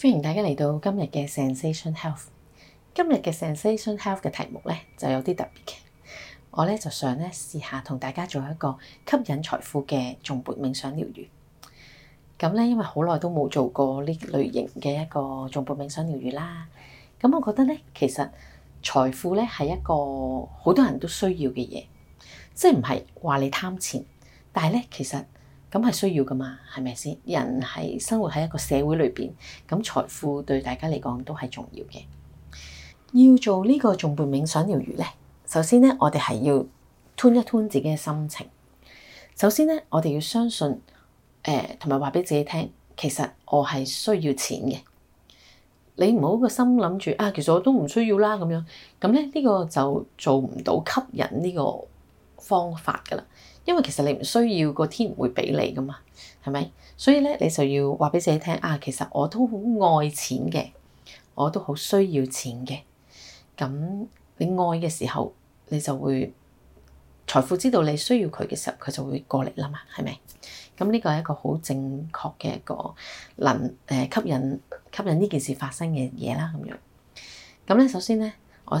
歡迎大家嚟到今日嘅 Sensation Health。今日嘅 Sensation Health 嘅題目咧就有啲特別嘅，我咧就想咧試下同大家做一個吸引財富嘅頌缽冥想療愈。咁咧因為好耐都冇做過呢類型嘅一個頌缽冥想療愈啦，咁我覺得咧其實財富咧係一個好多人都需要嘅嘢，即係唔係話你貪錢，但係咧其實。咁係需要噶嘛，係咪先？人係生活喺一個社會裏邊，咁財富對大家嚟講都係重要嘅。要做個重呢個頌缽冥想療癒咧，首先咧我哋係要 turn 一 turn 自己嘅心情。首先咧，我哋要相信，誒、呃，同埋話俾自己聽，其實我係需要錢嘅。你唔好個心諗住啊，其實我都唔需要啦咁樣。咁咧呢個就做唔到吸引呢個。方法噶啦，因為其實你唔需要，個天唔會俾你噶嘛，係咪？所以咧，你就要話俾自己聽啊，其實我都好愛錢嘅，我都好需要錢嘅。咁你愛嘅時候，你就會財富知道你需要佢嘅時候，佢就會過嚟啦嘛，係咪？咁呢個係一個好正確嘅一個能誒吸引吸引呢件事發生嘅嘢啦，咁樣。咁咧，首先咧，我。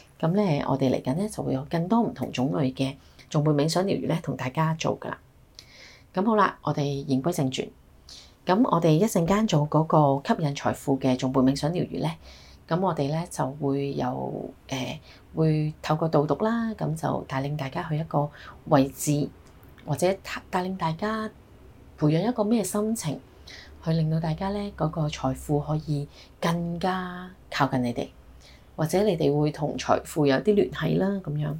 咁咧，我哋嚟緊咧就會有更多唔同種類嘅頌缽冥想療癒咧，同大家做噶啦。咁好啦，我哋言歸正傳。咁我哋一陣間做嗰個吸引財富嘅頌缽冥想療癒咧，咁我哋咧就會有誒、欸，會透過導讀啦，咁就帶領大家去一個位置，或者帶領大家培養一個咩心情，去令到大家咧嗰個財富可以更加靠近你哋。或者你哋會同財富有啲聯繫啦，咁樣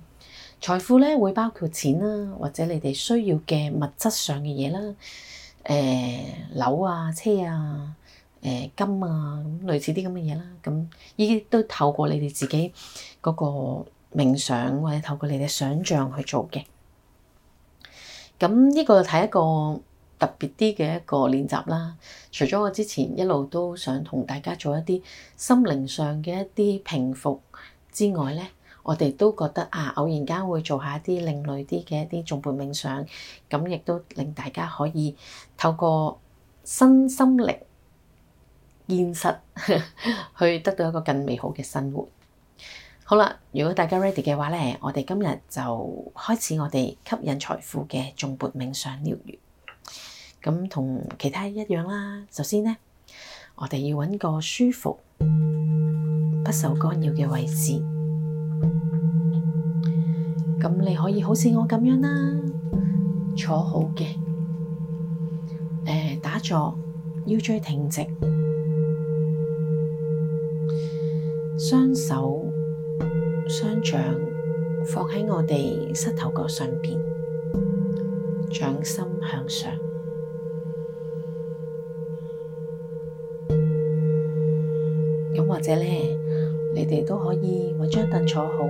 財富咧會包括錢啦，或者你哋需要嘅物質上嘅嘢啦，誒、呃、樓啊、車啊、誒、呃、金啊咁類似啲咁嘅嘢啦，咁呢啲都透過你哋自己嗰個冥想或者透過你哋想象去做嘅。咁呢個就睇一個，特別啲嘅一個練習啦，除咗我之前一路都想同大家做一啲心靈上嘅一啲平復之外呢，我哋都覺得啊，偶然間會做下一啲另類啲嘅一啲頌缽冥想，咁亦都令大家可以透過新心靈現實 去得到一個更美好嘅生活。好啦，如果大家 ready 嘅話呢，我哋今日就開始我哋吸引財富嘅頌缽冥想療癒。咁同其他一樣啦。首先呢，我哋要搵個舒服、不受干擾嘅位置。咁你可以好似我咁樣啦，坐好嘅。誒、呃，打坐，腰椎挺直，雙手雙掌放喺我哋膝頭哥上邊，掌心向上。或者咧，你哋都可以揾張凳坐好，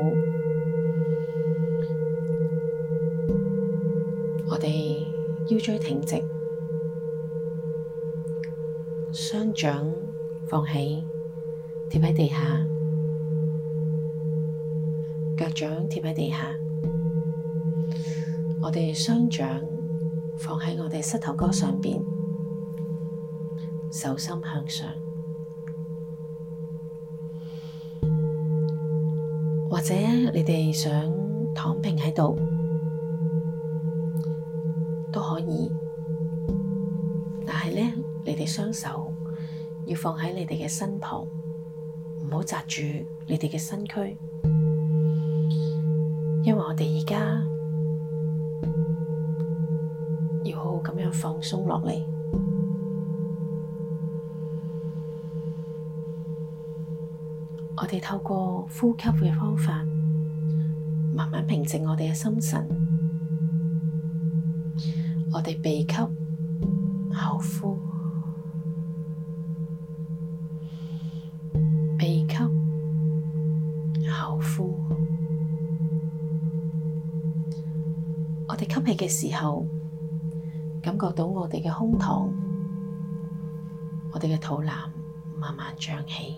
我哋腰椎挺直，雙掌放喺貼喺地下，腳掌貼喺地下，我哋雙掌放喺我哋膝頭哥上邊，手心向上。或者你哋想躺平喺度都可以，但係咧，你哋雙手要放喺你哋嘅身旁，唔好紮住你哋嘅身軀，因為我哋而家要好好咁樣放鬆落嚟。我哋透過呼吸嘅方法，慢慢平靜我哋嘅心神。我哋鼻吸，口呼；鼻吸，口呼。我哋吸氣嘅時候，感覺到我哋嘅胸膛、我哋嘅肚腩慢慢脹起。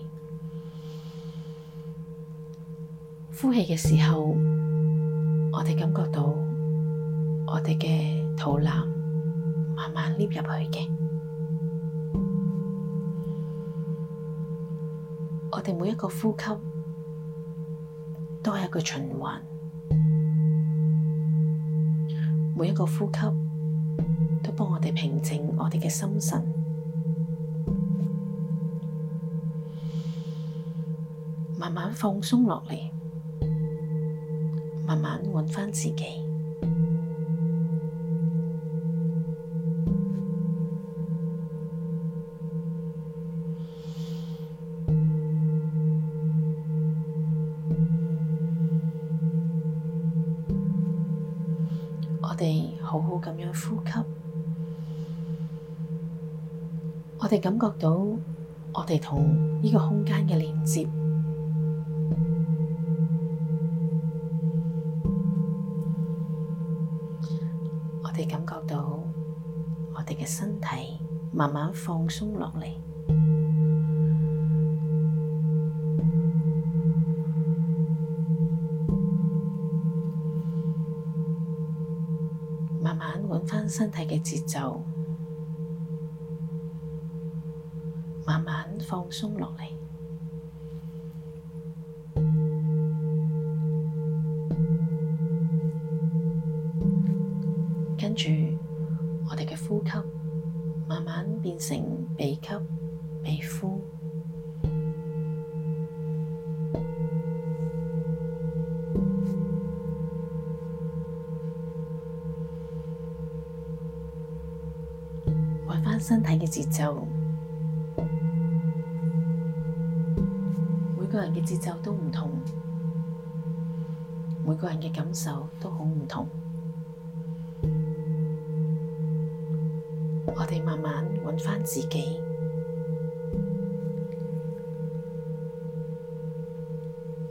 呼氣嘅時候，我哋感覺到我哋嘅肚腩慢慢捏入去嘅。我哋每一個呼吸都係一個循環，每一個呼吸都幫我哋平靜我哋嘅心神，慢慢放鬆落嚟。慢慢揾返自己。我哋好好咁樣呼吸，我哋感覺到我哋同呢個空間嘅連結。慢慢放鬆落嚟，慢慢搵返身體嘅節奏，慢慢放鬆落嚟。身體嘅節奏，每個人嘅節奏都唔同，每個人嘅感受都好唔同。我哋慢慢揾翻自己，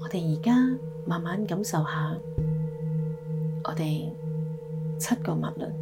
我哋而家慢慢感受下，我哋七個脈輪。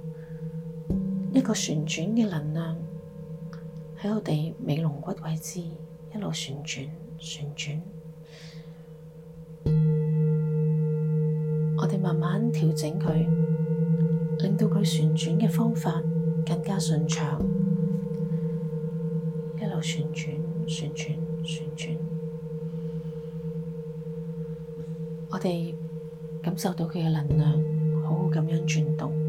一個旋轉嘅能量喺我哋尾龍骨位置一路旋轉旋轉，我哋慢慢調整佢，令到佢旋轉嘅方法更加順暢，一路旋轉旋轉旋轉，我哋感受到佢嘅能量好好咁樣轉動。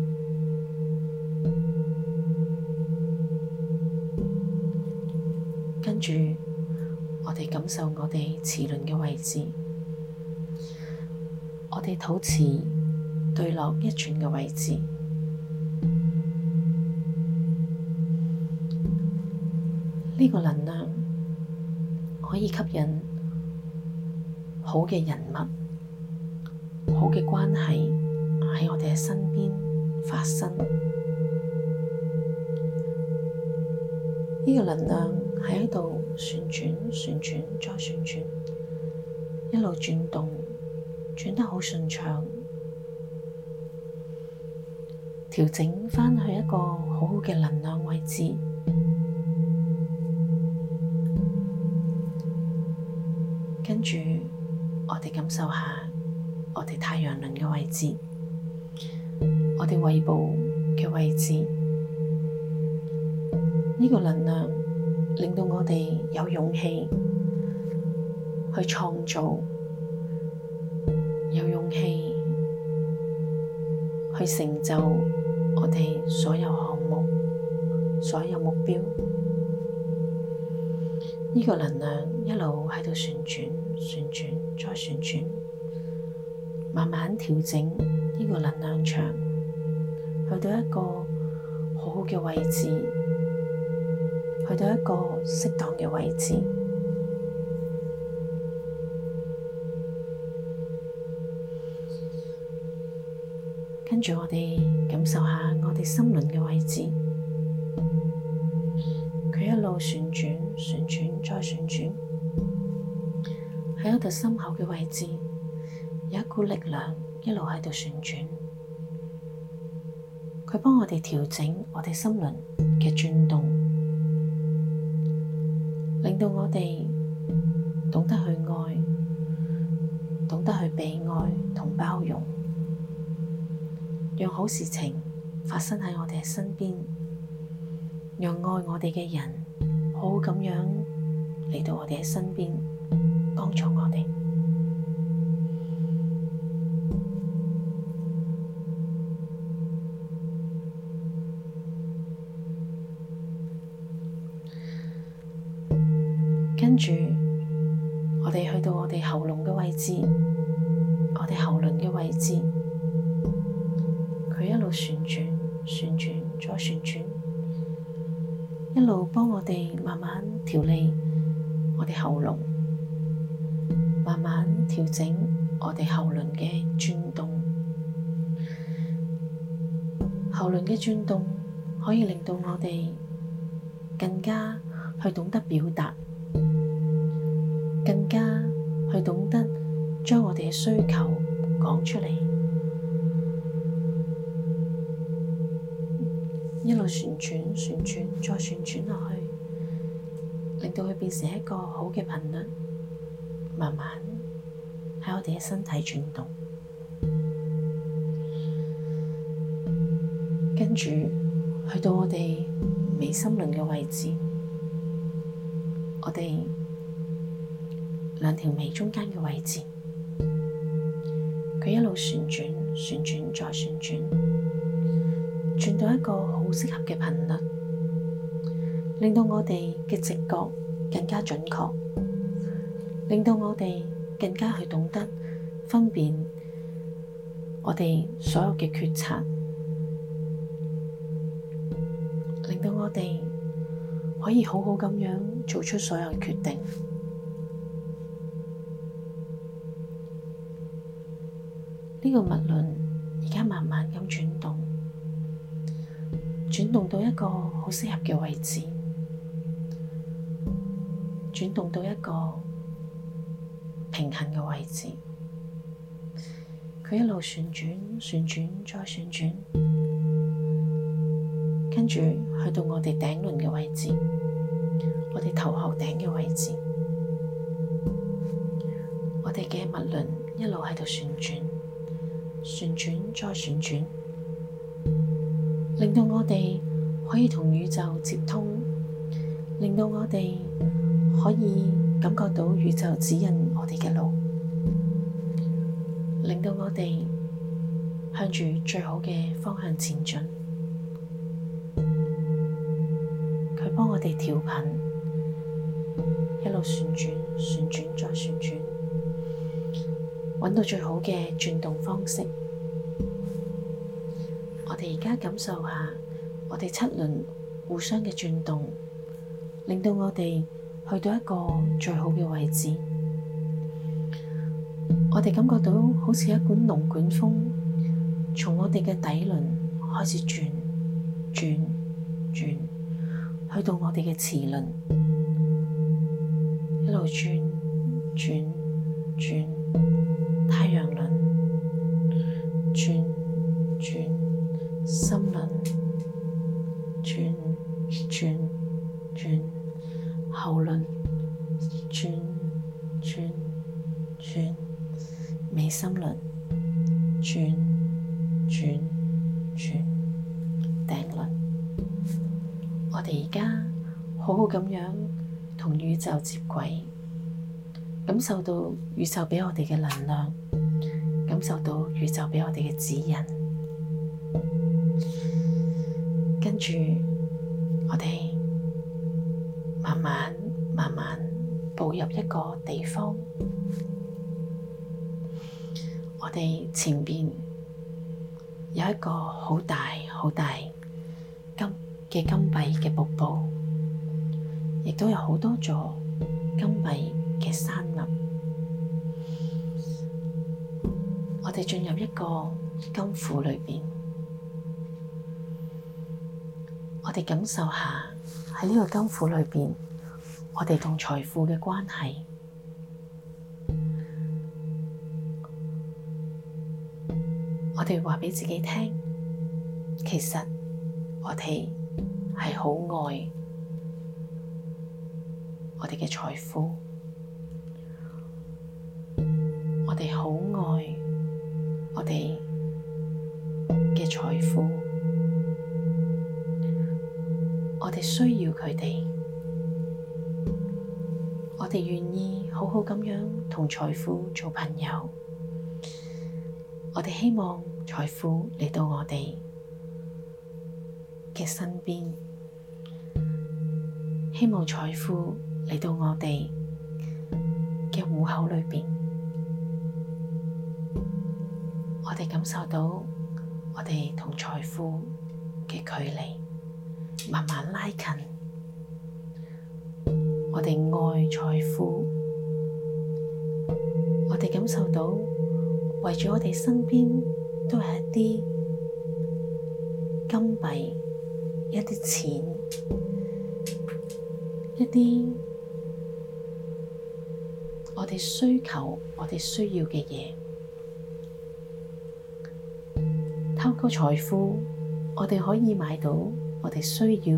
受我哋臍輪嘅位置，我哋肚臍對落一轉嘅位置，呢個能量可以吸引好嘅人物、好嘅關係喺我哋嘅身邊發生。呢個能量。喺度旋轉、旋轉、再旋轉，一路轉動，轉得好順暢，調整返去一個好好嘅能量位置。跟住，我哋感受下我哋太陽輪嘅位置，我哋胃部嘅位置，呢個能量。令到我哋有勇氣去創造，有勇氣去成就我哋所有項目、所有目標。呢個能量一路喺度旋轉、旋轉、再旋轉，慢慢調整呢個能量場，去到一個好好嘅位置。去到一個適當嘅位置，跟住我哋感受下我哋心輪嘅位置。佢一路旋轉、旋轉再旋轉，喺嗰度心口嘅位置有一股力量一路喺度旋轉。佢幫我哋調整我哋心輪嘅轉動。令到我哋懂得去愛，懂得去被愛同包容，讓好事情發生喺我哋嘅身邊，讓愛我哋嘅人好好咁樣嚟到我哋嘅身邊，幫助我哋。一路幫我哋慢慢調理我哋喉嚨，慢慢調整我哋喉輪嘅轉動。喉輪嘅轉動可以令到我哋更加去懂得表達，更加去懂得將我哋嘅需求講出嚟。一路旋轉、旋轉、再旋轉落去，令到佢變成一個好嘅頻率，慢慢喺我哋嘅身體轉動，跟住去到我哋眉心輪嘅位置，我哋兩條眉中間嘅位置，佢一路旋轉、旋轉、再旋轉。轉到一個好適合嘅頻率，令到我哋嘅直覺更加準確，令到我哋更加去懂得分辨我哋所有嘅決策，令到我哋可以好好咁樣做出所有決定。呢、這個物論。轉動到一個好適合嘅位置，轉動到一個平衡嘅位置。佢一路旋轉，旋轉再旋轉，跟住去到我哋頂輪嘅位置，我哋頭殼頂嘅位置，我哋嘅脈輪一路喺度旋轉，旋轉再旋轉。令到我哋可以同宇宙接通，令到我哋可以感覺到宇宙指引我哋嘅路，令到我哋向住最好嘅方向前進。佢幫我哋調頻，一路旋轉、旋轉再旋轉，揾到最好嘅轉動方式。而家感受下，我哋七輪互相嘅轉動，令到我哋去到一個最好嘅位置。我哋感覺到好似一股龍捲風，從我哋嘅底輪開始轉轉轉，轉，去到我哋嘅臍輪，一路轉轉轉，太陽輪。咁樣同宇宙接軌，感受到宇宙畀我哋嘅能量，感受到宇宙畀我哋嘅指引，跟住我哋慢慢慢慢步入一個地方。我哋前面有一個好大好大金嘅金幣嘅瀑布。亦都有好多座金幣嘅山林，我哋進入一個金庫裏邊，我哋感受下喺呢個金庫裏邊，我哋同財富嘅關係。我哋話畀自己聽，其實我哋係好愛。我哋嘅財富，我哋好愛我哋嘅財富，我哋需要佢哋，我哋願意好好咁樣同財富做朋友，我哋希望財富嚟到我哋嘅身邊，希望財富。嚟到我哋嘅戶口裏面，我哋感受到我哋同財富嘅距離慢慢拉近，我哋愛財富，我哋感受到圍住我哋身邊都係一啲金幣、一啲錢、一啲。我哋需求我哋需要嘅嘢，透過財富，我哋可以買到我哋需要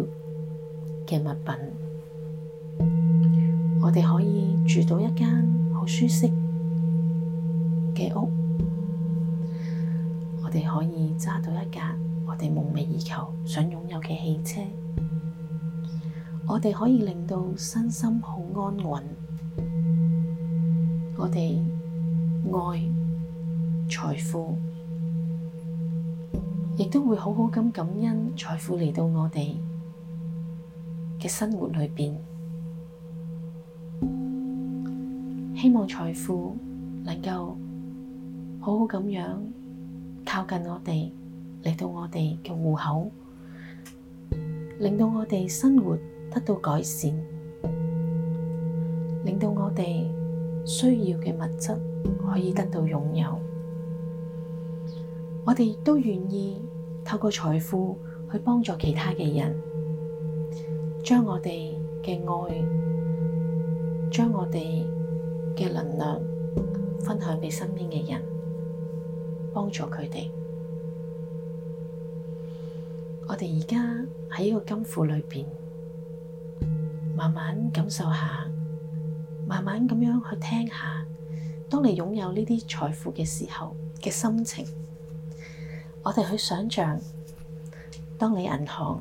嘅物品，我哋可以住到一間好舒適嘅屋，我哋可以揸到一架我哋夢寐以求、想擁有嘅汽車，我哋可以令到身心好安穩。我哋愛財富，亦都會好好咁感恩財富嚟到我哋嘅生活裏邊，希望財富能夠好好咁樣靠近我哋，嚟到我哋嘅戶口，令到我哋生活得到改善，令到我哋，需要嘅物質可以得到擁有，我哋都願意透過財富去幫助其他嘅人，將我哋嘅愛，將我哋嘅能量分享畀身邊嘅人，幫助佢哋。我哋而家喺呢個金庫裏邊，慢慢感受下。慢慢咁樣去聽下，當你擁有呢啲財富嘅時候嘅心情，我哋去想象，當你銀行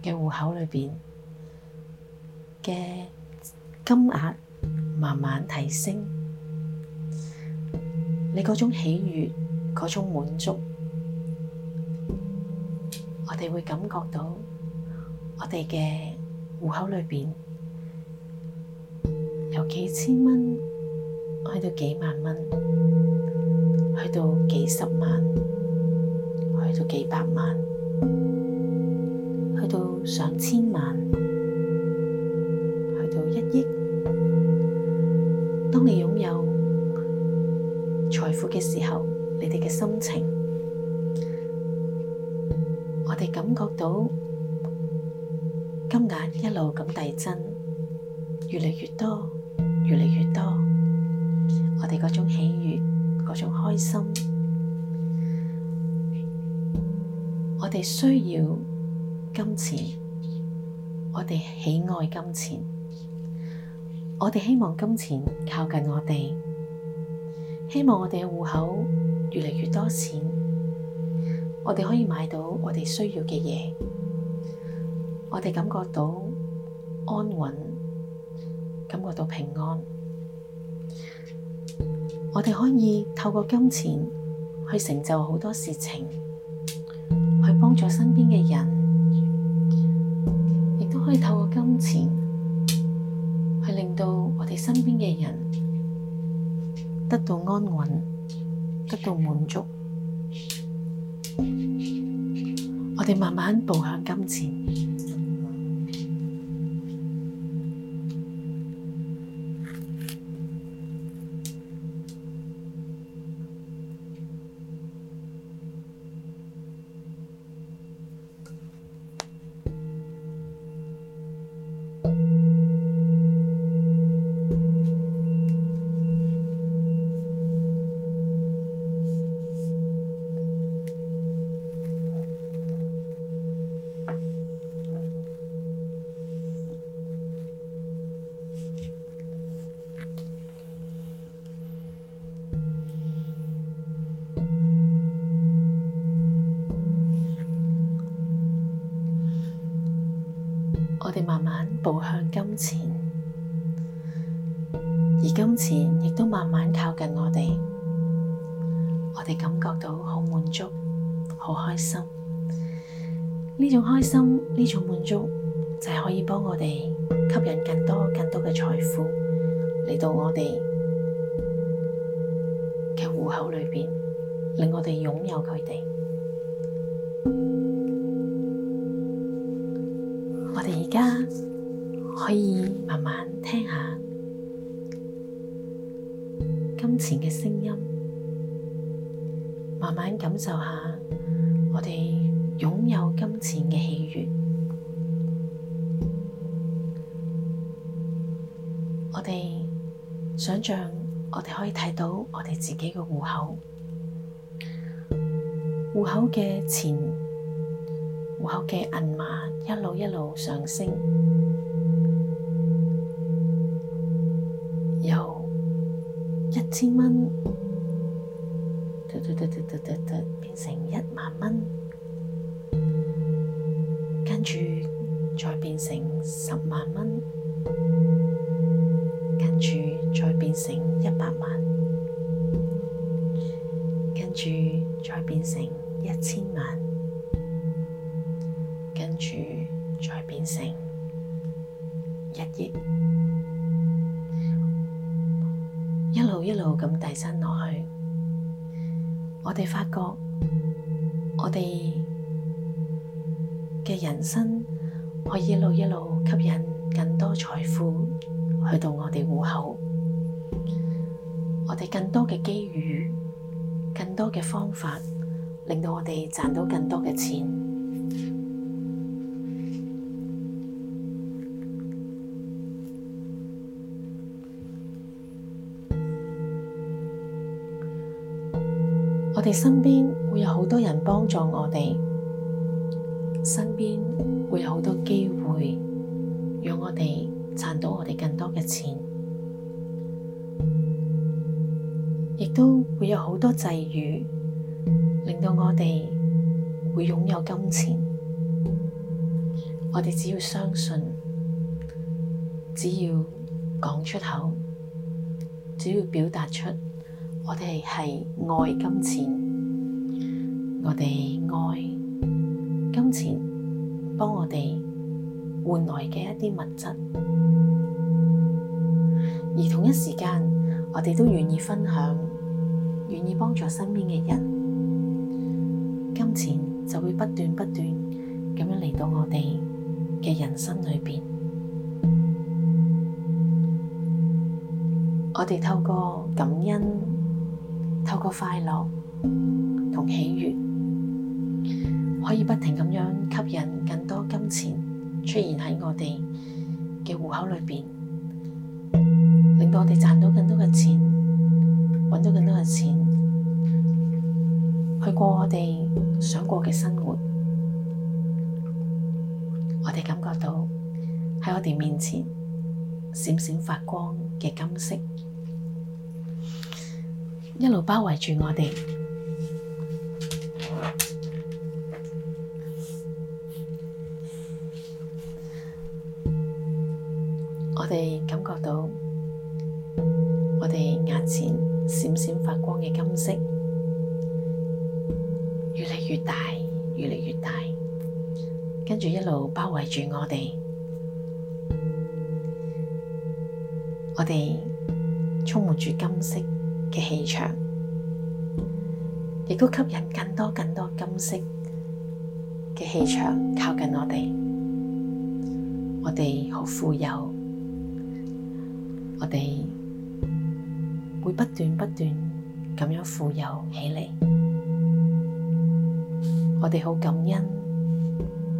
嘅戶口裏邊嘅金額慢慢提升，你嗰種喜悅、嗰種滿足，我哋會感覺到我哋嘅戶口裏邊。幾千蚊，去到幾萬蚊，去到幾十萬，去到幾百萬，去到上千萬，去到一億。當你擁有財富嘅時候，你哋嘅心情，我哋感覺到金額一路咁遞增，越嚟越多。越嚟越多，我哋嗰種喜悅、嗰種開心，我哋需要金錢，我哋喜愛金錢，我哋希望金錢靠近我哋，希望我哋嘅戶口越嚟越多錢，我哋可以買到我哋需要嘅嘢，我哋感覺到安穩。感覺到平安，我哋可以透過金錢去成就好多事情，去幫助身邊嘅人，亦都可以透過金錢去令到我哋身邊嘅人得到安穩、得到滿足。我哋慢慢步向金錢。步向金錢，而金錢亦都慢慢靠近我哋，我哋感覺到好滿足，好開心。呢種開心，呢種滿足，就係可以幫我哋吸引更多、更多嘅財富嚟到我哋嘅戶口裏邊，令我哋擁有佢哋。我哋而家。可以慢慢聽下金錢嘅聲音，慢慢感受下我哋擁有金錢嘅喜悅。我哋想像，我哋可以睇到我哋自己嘅戶口，戶口嘅錢，戶口嘅銀碼一路一路上升。千蚊，變變成一萬蚊，跟住再變成十萬蚊，跟住再變成一百萬，跟住再變成一千萬，跟住再變成一億。咁遞增落去，我哋發覺，我哋嘅人生可以一路一路吸引更多財富去到我哋戶口，我哋更多嘅機遇，更多嘅方法，令到我哋賺到更多嘅錢。我哋身邊會有好多人幫助我哋，身邊會有好多機會，讓我哋賺到我哋更多嘅錢，亦都會有好多際遇，令到我哋會擁有金錢。我哋只要相信，只要講出口，只要表達出。我哋係愛金錢，我哋愛金錢幫我哋換來嘅一啲物質，而同一時間我哋都願意分享，願意幫助身邊嘅人，金錢就會不斷不斷咁樣嚟到我哋嘅人生裏面，我哋透過感恩。透過快樂同喜悅，可以不停咁樣吸引更多金錢出現喺我哋嘅戶口裏邊，令到我哋賺到更多嘅錢，揾到更多嘅錢，去過我哋想過嘅生活。我哋感覺到喺我哋面前閃閃發光嘅金色。一路包圍住我哋，我哋感覺到我哋眼前閃閃發光嘅金色越嚟越大，越嚟越大，跟住一路包圍住我哋，我哋充滿住金色嘅氣場，亦都吸引更多更多金色嘅氣場靠近我哋。我哋好富有，我哋會不斷不斷咁樣富有起嚟。我哋好感恩，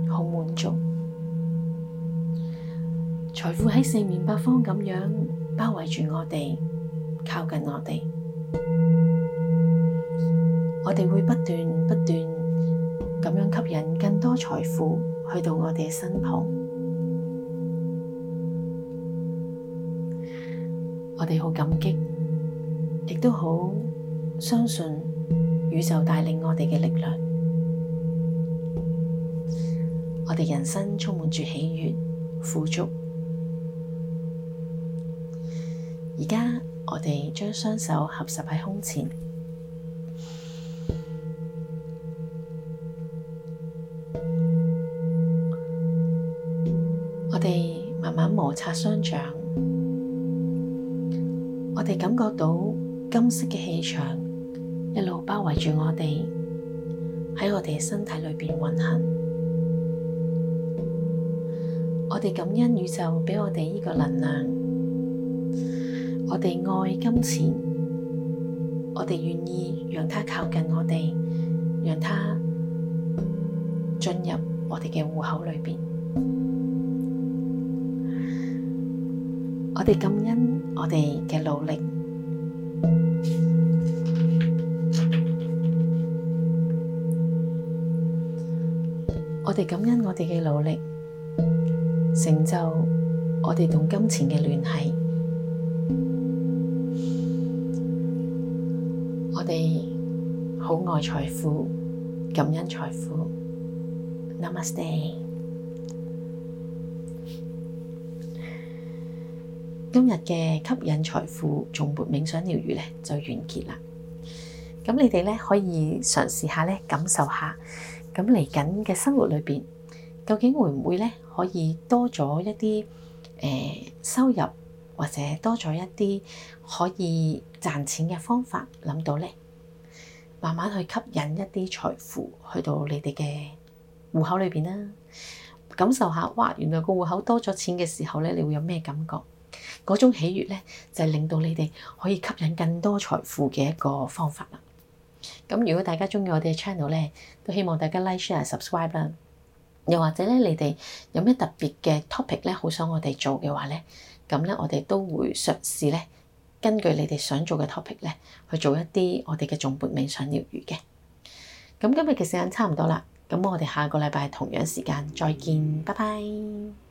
好滿足，財富喺四面八方咁樣包圍住我哋，靠近我哋。我哋會不斷不斷咁樣吸引更多財富去到我哋嘅身旁，我哋好感激，亦都好相信宇宙帶領我哋嘅力量。我哋人生充滿住喜悅、富足。而家我哋將雙手合十喺胸前。金色嘅氣場一路包圍住我哋，喺我哋身體裏邊運行。我哋感恩宇宙畀我哋呢個能量，我哋愛金錢，我哋願意讓它靠近我哋，讓它進入我哋嘅戶口裏邊。我哋感恩我哋嘅努力。我哋感恩我哋嘅努力，成就我哋同金錢嘅聯繫。我哋好愛財富，感恩財富。Namaste。今日嘅吸引財富頌缽冥想療癒咧就完結啦。咁你哋咧可以嘗試下咧，感受下。咁嚟緊嘅生活裏邊，究竟會唔會咧可以多咗一啲誒、呃、收入，或者多咗一啲可以賺錢嘅方法諗到咧？慢慢去吸引一啲財富去到你哋嘅戶口裏邊啦，感受下，哇！原來個戶口多咗錢嘅時候咧，你會有咩感覺？嗰種喜悅咧，就係、是、令到你哋可以吸引更多財富嘅一個方法啦。咁如果大家鍾意我哋嘅 channel 咧，都希望大家 like、share、subscribe 啦。又或者咧，你哋有咩特別嘅 topic 咧，好想我哋做嘅話咧，咁咧我哋都會嘗試咧，根據你哋想做嘅 topic 咧，去做一啲我哋嘅頌缽冥想療癒嘅。咁今日嘅時間差唔多啦，咁我哋下個禮拜同樣時間再見，拜拜。